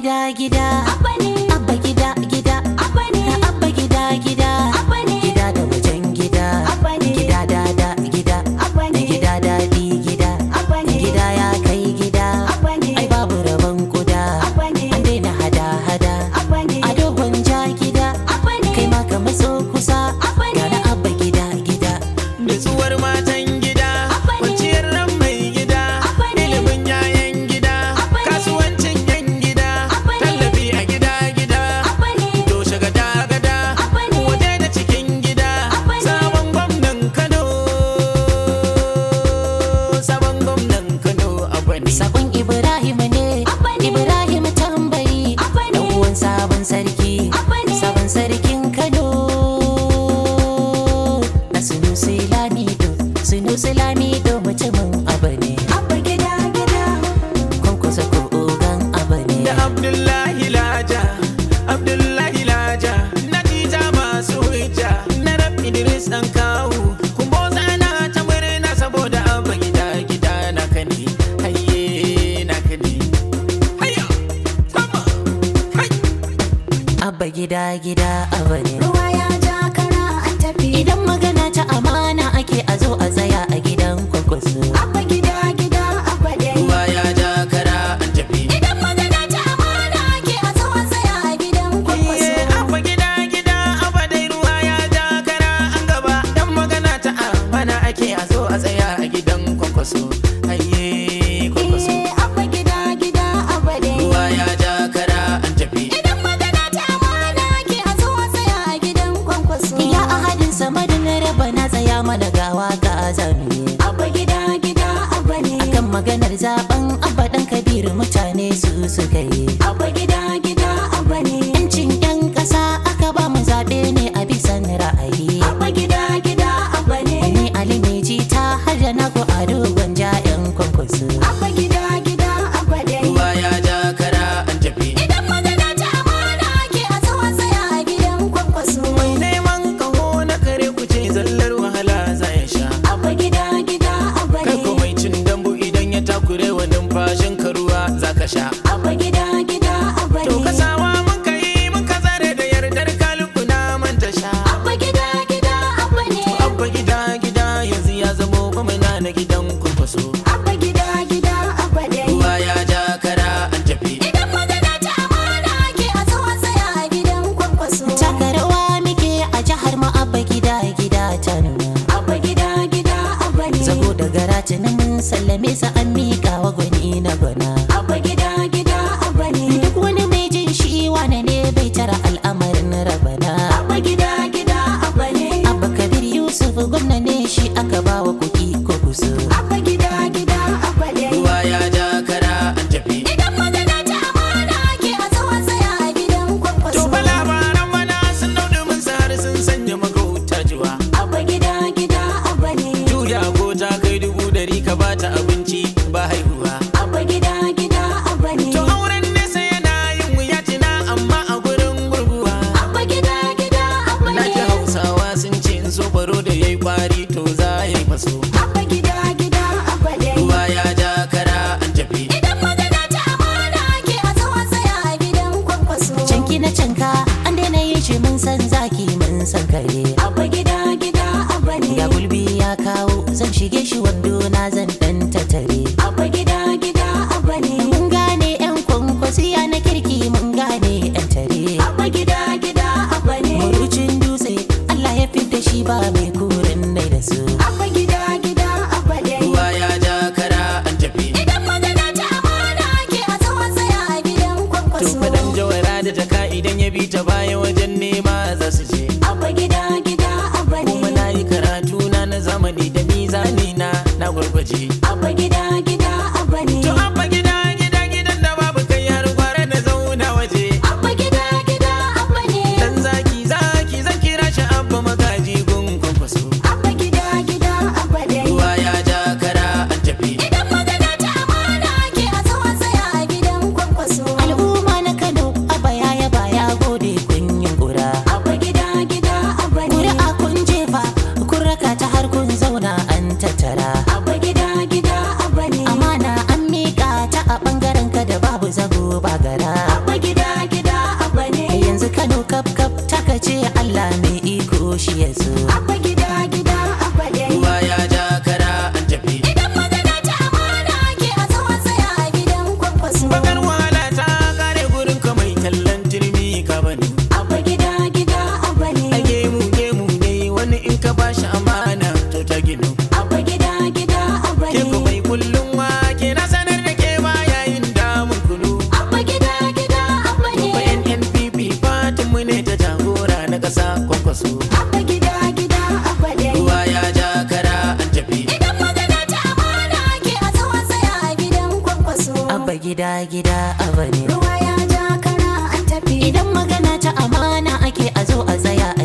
gida gida Ba gida gida a bane. ruwa ya ja kara an tafi idan magana ta amana ake a zo a zai. maganar zaben abadan kabir mutane su suka Akwai gargara tuni mun sallame sa an mika wa gwani na gwana. Abba gida gida abba ne. Duk wani mai jin shi wane ne bai tara al'amarin rabana. Abba gida gida abba ne. Abba Kabir Yusuf gwamna ne shi aka bawa kuɗi ko kusa. wando na zan dan tattare abba gida gida abba ne mun gane yan kwankwasiya na kirki mun gane yan tare abba gida gida abba ne murucin dutse Allah ya fita shi ba mai kurin mai da su abba gida gida abba ne ruwa ya ja kara an tafi idan magana ta amana ke a tsawon tsaya a gidan kwankwaso to fadan jawara da taka idan ya bi ta baya wajen nema za su je abba gida gida abba zani na na gurguje abba gida tara. abba gida gida abba ne amana an miƙa ta a bangaren ka da babu zago ba gara abba gida gida abba ne yanzu Kano kaf kaf taka ce Allah mai iko shi yazo abba ba gida gida a bane ruwa ya ja kara an tafi idan magana ta amana ake a zo a tsaya